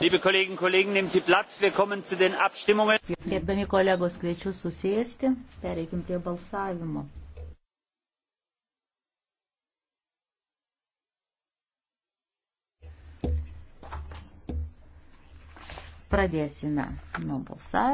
Liebe Kolleginnen und Kollegen, nehmen Sie Platz, wir kommen zu den Abstimmungen. Gerbiami kolegos, kviečiu susėsti, pereikim prie balsavimo. Pradėsime nuo balsavimo.